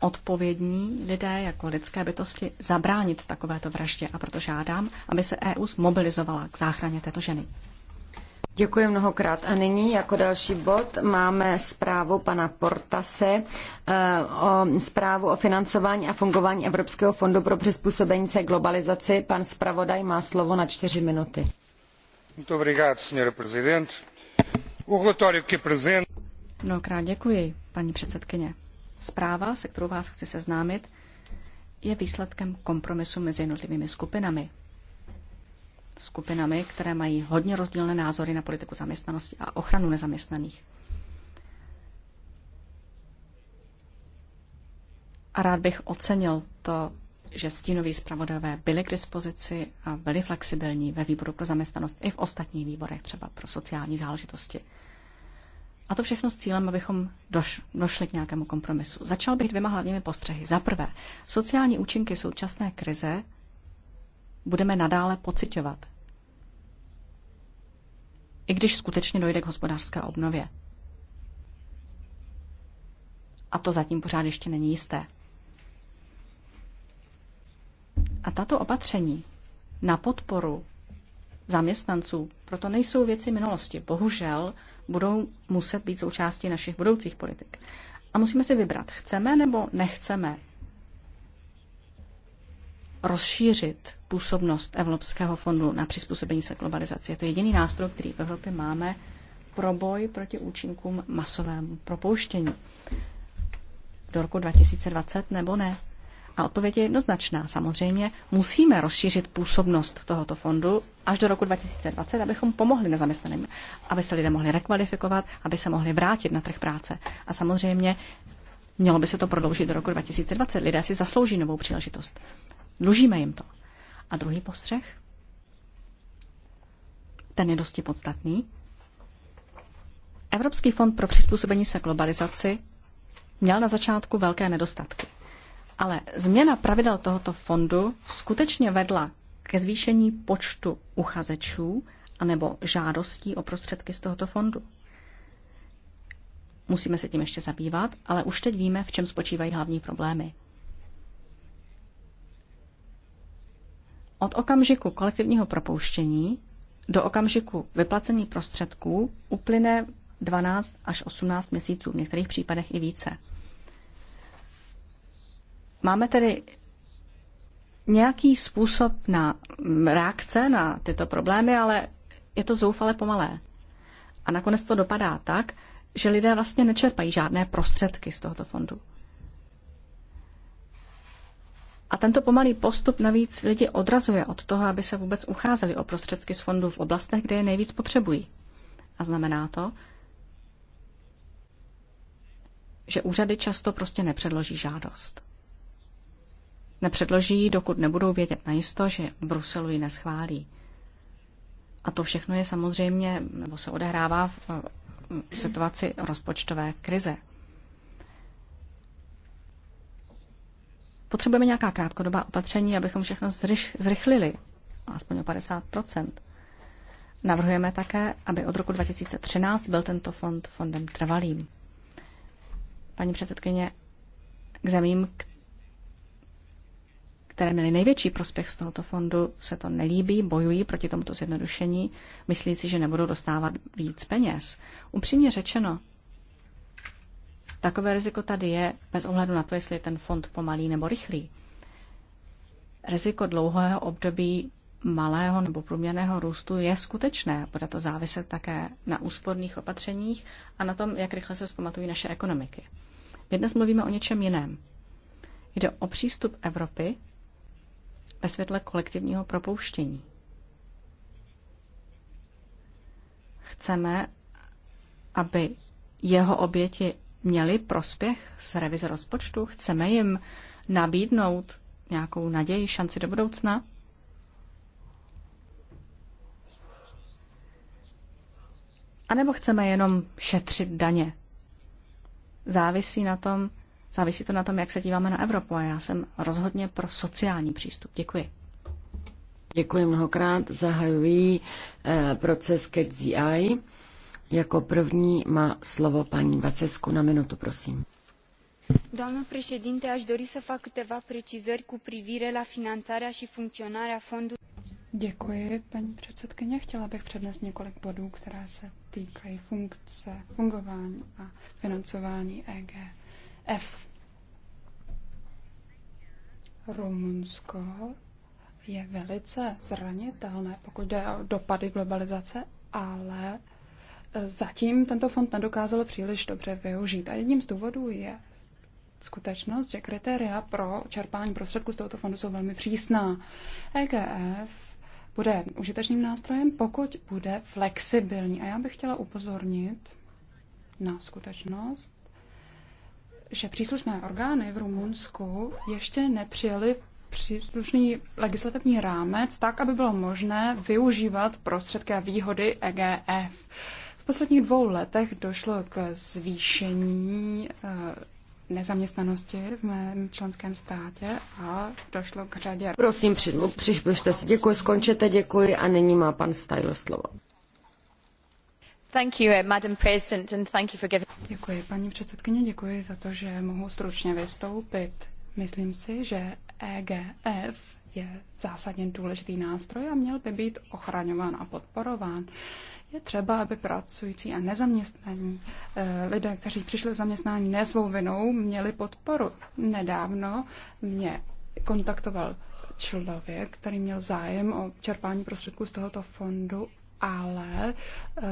odpovědní lidé jako lidské bytosti zabránit takovéto vraždě a proto žádám, aby se EU zmobilizovala k záchraně této ženy. Děkuji mnohokrát. A nyní jako další bod máme zprávu pana Portase eh, o zprávu o financování a fungování Evropského fondu pro přizpůsobení se globalizaci. Pan zpravodaj má slovo na čtyři minuty. Mnohokrát děkuji, paní předsedkyně. Zpráva, se kterou vás chci seznámit, je výsledkem kompromisu mezi jednotlivými skupinami. Skupinami, které mají hodně rozdílné názory na politiku zaměstnanosti a ochranu nezaměstnaných. A rád bych ocenil to, že stínoví zpravodajové byli k dispozici a byli flexibilní ve výboru pro zaměstnanost i v ostatních výborech, třeba pro sociální záležitosti. A to všechno s cílem, abychom doš, došli k nějakému kompromisu. Začal bych dvěma hlavními postřehy. Za prvé, sociální účinky současné krize budeme nadále pocitovat. I když skutečně dojde k hospodářské obnově. A to zatím pořád ještě není jisté. A tato opatření na podporu zaměstnanců proto nejsou věci minulosti. Bohužel budou muset být součástí našich budoucích politik. A musíme si vybrat, chceme nebo nechceme rozšířit působnost Evropského fondu na přizpůsobení se globalizaci. Je to jediný nástroj, který v Evropě máme pro boj proti účinkům masovému propouštění. Do roku 2020 nebo ne? A odpověď je jednoznačná. Samozřejmě musíme rozšířit působnost tohoto fondu až do roku 2020, abychom pomohli nezaměstnaným, aby se lidé mohli rekvalifikovat, aby se mohli vrátit na trh práce. A samozřejmě mělo by se to prodloužit do roku 2020. Lidé si zaslouží novou příležitost. Dlužíme jim to. A druhý postřeh? Ten je dosti podstatný. Evropský fond pro přizpůsobení se globalizaci měl na začátku velké nedostatky. Ale změna pravidel tohoto fondu skutečně vedla ke zvýšení počtu uchazečů anebo žádostí o prostředky z tohoto fondu. Musíme se tím ještě zabývat, ale už teď víme, v čem spočívají hlavní problémy. Od okamžiku kolektivního propouštění do okamžiku vyplacení prostředků uplyne 12 až 18 měsíců, v některých případech i více. Máme tedy nějaký způsob na reakce na tyto problémy, ale je to zoufale pomalé. A nakonec to dopadá tak, že lidé vlastně nečerpají žádné prostředky z tohoto fondu. A tento pomalý postup navíc lidi odrazuje od toho, aby se vůbec ucházeli o prostředky z fondu v oblastech, kde je nejvíc potřebují. A znamená to, že úřady často prostě nepředloží žádost nepředloží, dokud nebudou vědět najisto, že Bruselu ji neschválí. A to všechno je samozřejmě, nebo se odehrává v situaci rozpočtové krize. Potřebujeme nějaká krátkodobá opatření, abychom všechno zrychlili, aspoň o 50 Navrhujeme také, aby od roku 2013 byl tento fond fondem trvalým. Paní předsedkyně, k zemím, které měly největší prospěch z tohoto fondu, se to nelíbí, bojují proti tomuto zjednodušení, myslí si, že nebudou dostávat víc peněz. Upřímně řečeno, takové riziko tady je bez ohledu na to, jestli je ten fond pomalý nebo rychlý. Riziko dlouhého období malého nebo průměrného růstu je skutečné. Bude to záviset také na úsporných opatřeních a na tom, jak rychle se zpamatují naše ekonomiky. My dnes mluvíme o něčem jiném. Jde o přístup Evropy ve světle kolektivního propouštění. Chceme, aby jeho oběti měli prospěch z revize rozpočtu? Chceme jim nabídnout nějakou naději, šanci do budoucna? A nebo chceme jenom šetřit daně? Závisí na tom, Závisí to na tom, jak se díváme na Evropu a já jsem rozhodně pro sociální přístup. Děkuji. Děkuji mnohokrát. Zahajují eh, proces CatchDI. Jako první má slovo paní Vacesku na minutu, prosím. Doamnă președinte, aș dori să fac câteva precizări cu privire la finanțarea și funcționarea fondului. Děkuji, paní předsedkyně. Chtěla bych přednést několik bodů, které se týkají funkce, fungování a financování EG. F. Rumunsko je velice zranitelné, pokud jde o dopady globalizace, ale zatím tento fond nedokázal příliš dobře využít. A jedním z důvodů je skutečnost, že kritéria pro čerpání prostředků z tohoto fondu jsou velmi přísná. EGF bude užitečným nástrojem, pokud bude flexibilní. A já bych chtěla upozornit na skutečnost, že příslušné orgány v Rumunsku ještě nepřijeli příslušný legislativní rámec tak, aby bylo možné využívat prostředky a výhody EGF. V posledních dvou letech došlo k zvýšení eh, nezaměstnanosti v mém členském státě a došlo k řadě. Prosím, přibližte si. Děkuji, skončete, děkuji a nyní má pan Stajl slovo. Děkuji, paní předsedkyně, děkuji za to, že mohu stručně vystoupit. Myslím si, že EGF je zásadně důležitý nástroj a měl by být ochraňován a podporován. Je třeba, aby pracující a nezaměstnaní eh, lidé, kteří přišli o zaměstnání ne svou vinou, měli podporu. Nedávno mě kontaktoval člověk, který měl zájem o čerpání prostředků z tohoto fondu ale eh,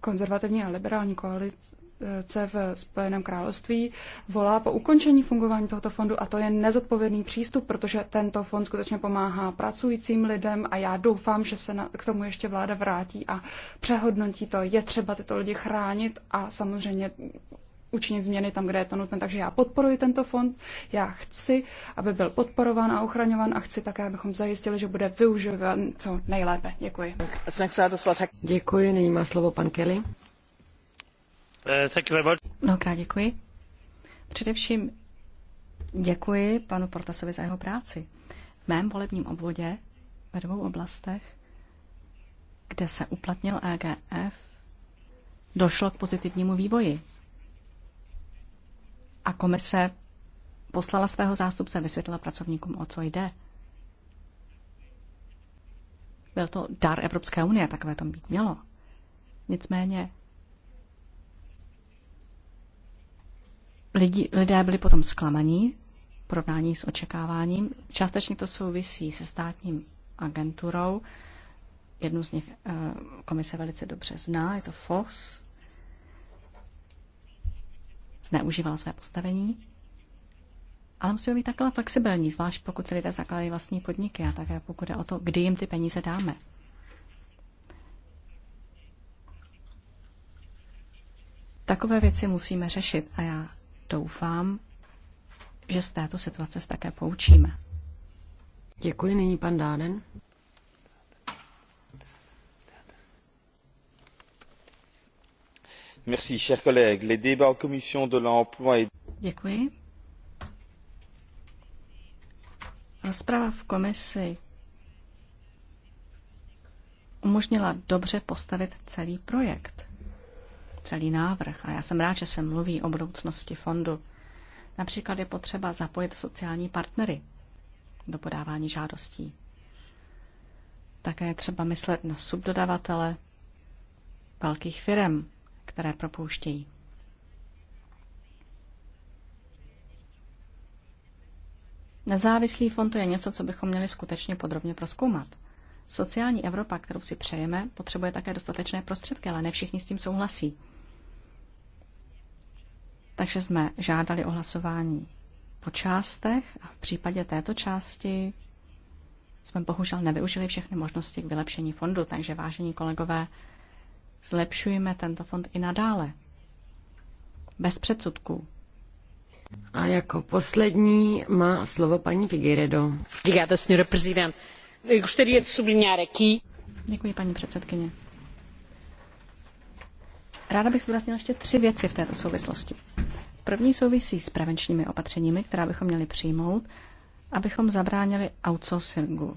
konzervativní a liberální koalice v Spojeném království volá po ukončení fungování tohoto fondu a to je nezodpovědný přístup, protože tento fond skutečně pomáhá pracujícím lidem a já doufám, že se na, k tomu ještě vláda vrátí a přehodnotí to. Je třeba tyto lidi chránit a samozřejmě učinit změny tam, kde je to nutné. Takže já podporuji tento fond, já chci, aby byl podporován a ochraňován a chci také, abychom zajistili, že bude využíván co nejlépe. Děkuji. Děkuji, nyní má slovo pan Kelly. Mnohokrát děkuji. Především děkuji panu Portasovi za jeho práci. V mém volebním obvodě ve dvou oblastech, kde se uplatnil EGF, došlo k pozitivnímu vývoji a komise poslala svého zástupce, a vysvětlila pracovníkům, o co jde. Byl to dar Evropské unie, takové to být mělo. Nicméně lidi, lidé byli potom zklamaní v porovnání s očekáváním. Částečně to souvisí se státním agenturou. Jednu z nich eh, komise velice dobře zná, je to FOS, zneužíval své postavení. Ale musíme být takhle flexibilní, zvlášť pokud se lidé zakládají vlastní podniky a také pokud je o to, kdy jim ty peníze dáme. Takové věci musíme řešit a já doufám, že z této situace se také poučíme. Děkuji, nyní pan Dáden. chers collègues. Les débats en commission de l'emploi et... Děkuji. Rozprava v komisi umožnila dobře postavit celý projekt, celý návrh. A já jsem rád, že se mluví o budoucnosti fondu. Například je potřeba zapojit sociální partnery do podávání žádostí. Také je třeba myslet na subdodavatele velkých firm, které propouštějí. Nezávislý fond to je něco, co bychom měli skutečně podrobně proskoumat. Sociální Evropa, kterou si přejeme, potřebuje také dostatečné prostředky, ale ne všichni s tím souhlasí. Takže jsme žádali o hlasování po částech a v případě této části jsme bohužel nevyužili všechny možnosti k vylepšení fondu. Takže vážení kolegové, Zlepšujeme tento fond i nadále. Bez předsudků. A jako poslední má slovo paní Figueredo. Obrigada, senhora presidente. Gostaria de sublinhar aqui... Děkuji, paní předsedkyně. Ráda bych zdůraznila ještě tři věci v této souvislosti. První souvisí s prevenčními opatřeními, která bychom měli přijmout, abychom zabránili outsourcingu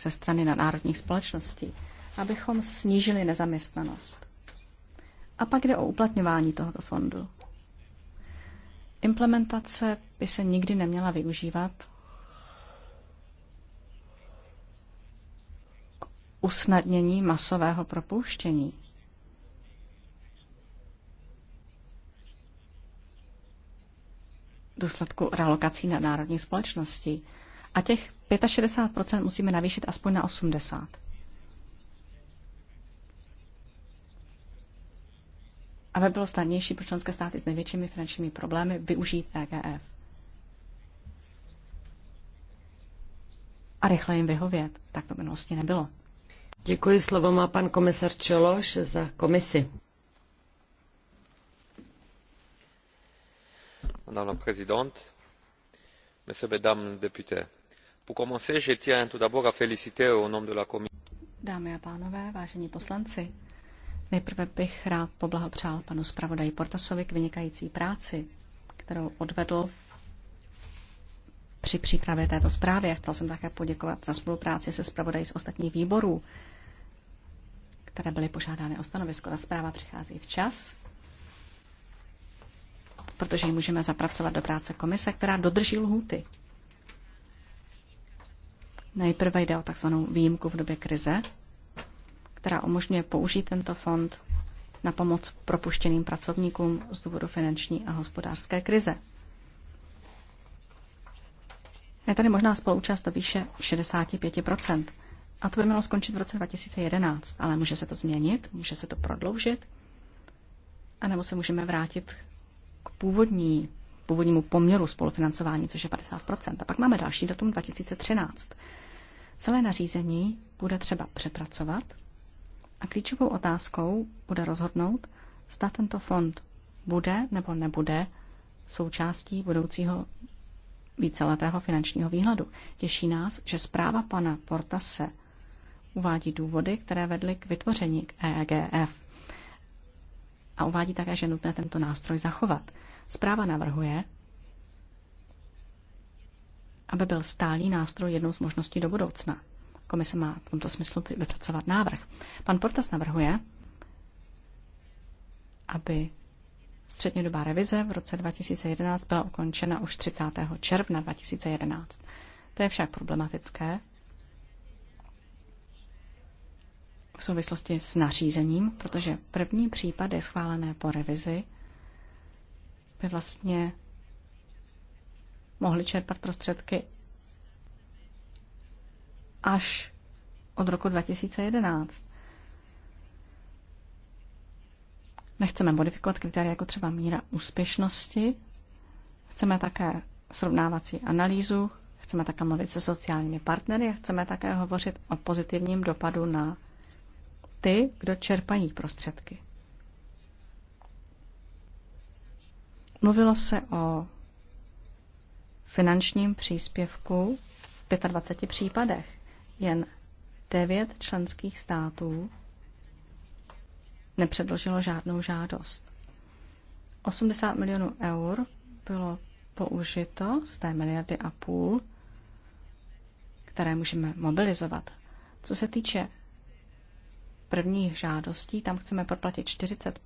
ze strany národních společností abychom snížili nezaměstnanost. A pak jde o uplatňování tohoto fondu. Implementace by se nikdy neměla využívat k usnadnění masového propouštění. důsledku relokací na národní společnosti. A těch 65% musíme navýšit aspoň na 80%. aby bylo snadnější pro členské státy s největšími finančními problémy využít EGF. A rychle jim vyhovět. Tak to v minulosti nebylo. Děkuji, slovo má pan komisar Čeloš za komisi. Madame la présidente, messieurs, mesdames, députés. Pour commencer, je tiens tout d'abord à féliciter au nom de la commission. Dámy a pánové, vážení poslanci, Nejprve bych rád poblahopřál panu zpravodaji Portasovi k vynikající práci, kterou odvedl při přípravě této zprávy. Chtěl jsem také poděkovat za spolupráci se zpravodají z ostatních výborů, které byly požádány o stanovisko. Ta zpráva přichází včas, protože ji můžeme zapracovat do práce komise, která dodrží lhuty. Nejprve jde o takzvanou výjimku v době krize, která umožňuje použít tento fond na pomoc propuštěným pracovníkům z důvodu finanční a hospodářské krize. Je tady možná spoluúčast do výše 65 A to by mělo skončit v roce 2011, ale může se to změnit, může se to prodloužit, anebo se můžeme vrátit k původní, původnímu poměru spolufinancování, což je 50 A pak máme další datum 2013. Celé nařízení bude třeba přepracovat a klíčovou otázkou bude rozhodnout, zda tento fond bude nebo nebude součástí budoucího víceletého finančního výhledu. Těší nás, že zpráva pana Portase uvádí důvody, které vedly k vytvoření k EGF. A uvádí také, že nutné tento nástroj zachovat. Zpráva navrhuje, aby byl stálý nástroj jednou z možností do budoucna. Komise má v tomto smyslu vypracovat návrh. Pan Portas navrhuje, aby střednědobá revize v roce 2011 byla ukončena už 30. června 2011. To je však problematické v souvislosti s nařízením, protože první případy schválené po revizi by vlastně mohli čerpat prostředky až od roku 2011. Nechceme modifikovat kritéria jako třeba míra úspěšnosti, chceme také srovnávací analýzu, chceme také mluvit se sociálními partnery a chceme také hovořit o pozitivním dopadu na ty, kdo čerpají prostředky. Mluvilo se o finančním příspěvku v 25 případech jen devět členských států nepředložilo žádnou žádost. 80 milionů eur bylo použito z té miliardy a půl, které můžeme mobilizovat. Co se týče prvních žádostí, tam chceme proplatit 40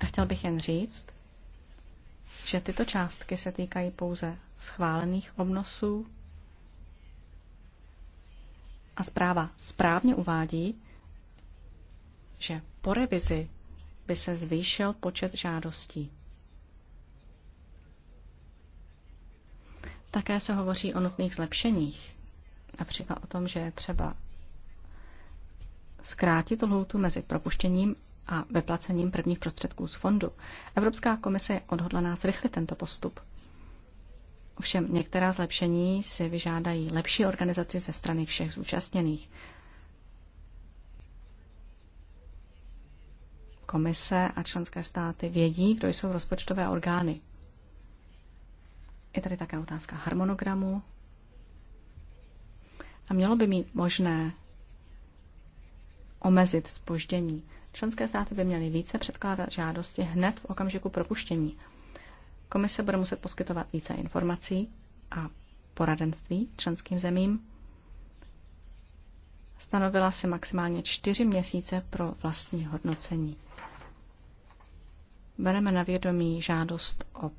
A chtěl bych jen říct, že tyto částky se týkají pouze schválených obnosů a zpráva správně uvádí, že po revizi by se zvýšil počet žádostí. Také se hovoří o nutných zlepšeních. Například o tom, že je třeba zkrátit lhoutu mezi propuštěním a vyplacením prvních prostředků z fondu. Evropská komise je odhodlaná zrychlit tento postup. Ovšem některá zlepšení si vyžádají lepší organizaci ze strany všech zúčastněných. Komise a členské státy vědí, kdo jsou rozpočtové orgány. Je tady také otázka harmonogramu. A mělo by mít možné omezit spoždění. Členské státy by měly více předkládat žádosti hned v okamžiku propuštění. Komise bude muset poskytovat více informací a poradenství členským zemím. Stanovila se maximálně čtyři měsíce pro vlastní hodnocení. Bereme na vědomí žádost o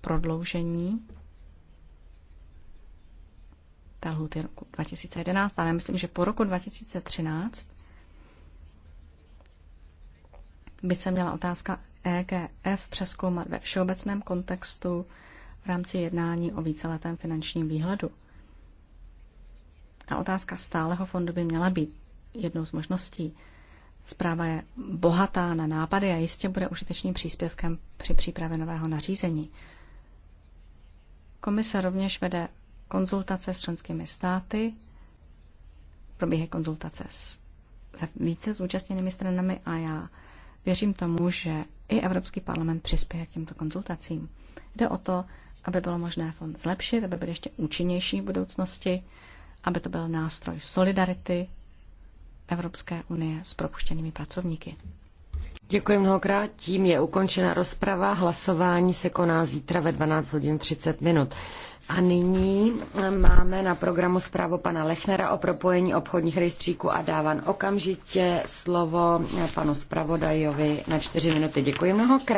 prodloužení té roku 2011, ale myslím, že po roku 2013 by se měla otázka EGF přeskoumat ve všeobecném kontextu v rámci jednání o víceletém finančním výhledu. A otázka stáleho fondu by měla být jednou z možností. Zpráva je bohatá na nápady a jistě bude užitečným příspěvkem při přípravě nového nařízení. Komise rovněž vede konzultace s členskými státy, probíhají konzultace s více zúčastněnými stranami a já Věřím tomu, že i Evropský parlament přispěje k těmto konzultacím. Jde o to, aby bylo možné fond zlepšit, aby byl ještě účinnější v budoucnosti, aby to byl nástroj solidarity Evropské unie s propuštěnými pracovníky. Děkuji mnohokrát. Tím je ukončena rozprava. Hlasování se koná zítra ve 12 hodin 30 minut. A nyní máme na programu zprávu pana Lechnera o propojení obchodních rejstříků a dávám okamžitě slovo panu zpravodajovi na čtyři minuty. Děkuji mnohokrát.